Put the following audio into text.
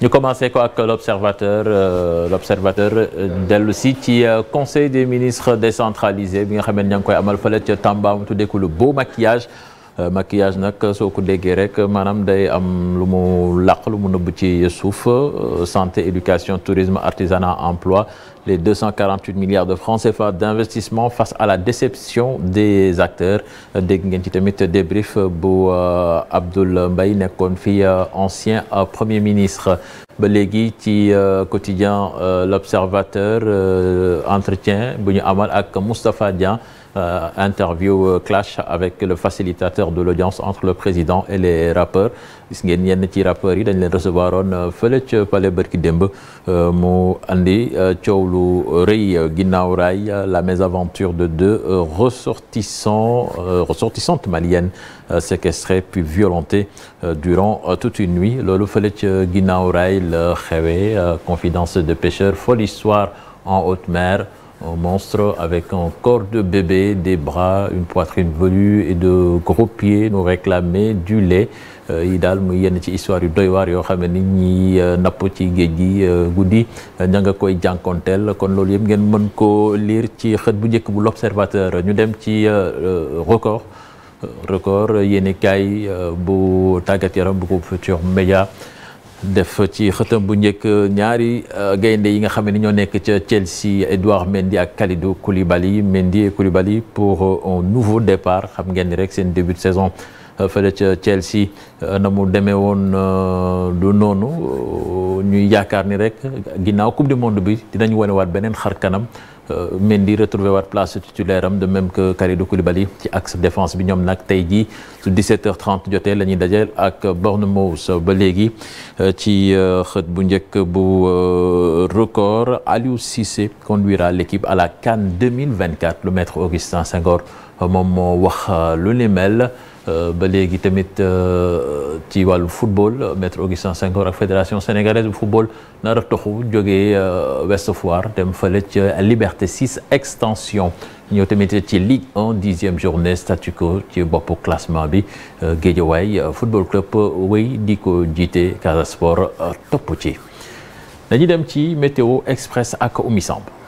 ñu commencé ko ak l'observateur euh, l'observateur euh, dellu si ci euh, conseil des ministres décentralisé bi nga xam ne ña ngi koy amal fële ca Tamba mu tuddee ko le beau maquillage Euh, maquillage nag euh, soo ko déggee rek euh, maanaam day am lu mu làq mu nëbb ci suuf santé éducation tourisme artisanat emploi les 248 milliards de francs CFA d'investissement face à la déception des acteurs dégg ngeen ci tamit débrief bu Abdoul mbay nekkoon fi ancien premier ministre ba léegi ci quotidien l'observateur entretien bu ñu amal ak Moustapha Dian Euh, interview euh, clash avec le facilitateur de l'audience entre le président et les rappeurs gis ngeen yenn ci rappeurs yi dañ leen recevoir oon euh, fële ca Palais Berki démb euh, mu andi euh, coow lu rëy ginnaaw raay la mésaventure de deux ressortissants ressortissantes maliennes séquestrées puis violentées durant toute une nuit loolu fële ca ginnaaw raay la xewe confidence de pêcheurs folle histoire en haute mer un monstre avec un corps de bébé, des bras, une poitrine velue et de gros pieds nous réclamait du lait euh, yi daal muy yenn ci histoire yu doy waar yoo xam ne nit ñi euh, napp ci géej gi euh, guddi ña nga koy jànkonteel kon loolu yëpp ngeen mën koo liir ci xët bu njëkk bu l'observateur ñu dem ci record record yéeni bu tàggat yaram bu ko Futurs Médias def ci xëtam bu njëkk ñaari euh, gaynde yi nga xam ne ñoo nekk ca Chelsea Edouard Mendy ak Kalidou Koulibaly Mendy et Koulibaly pour euh, un nouveau départ xam ngeen ni rek seen début de saison euh, fële ca Chelsea na mu demee woon du noonu ñuy yaakaar ni rek ginnaaw coupe du monde bi dinañu wane waat beneen xar kanam. Euh, Mendy retrouvé waat place titulaire am de même que Kalidou Koulibaly ci axe défense bi ñoom nag su 17h30 jotee la ñuy dajeel ak Bournemouth ba léegi euh, ci euh, xët bu njëkk bu record Aliou Cissé conduira l'équipe à la CAN 2024 le maître Augustin Senghor moom moo wax lu ni mel. Euh, ba léegi tamit euh, ci wàllu football maître Augustin Senghor ak fédération sénégalaise bu football na def toxu jógee euh, Ouest Foire dem fële ca Liberté 6 extension ñëw tamit ci Ligue 1 dixième journée statu quo ci bopp classement bi Guédiawaye football club wéy di ko jiite Casa Sport topp ci dañuy dem ci météo express ak Oumy Samb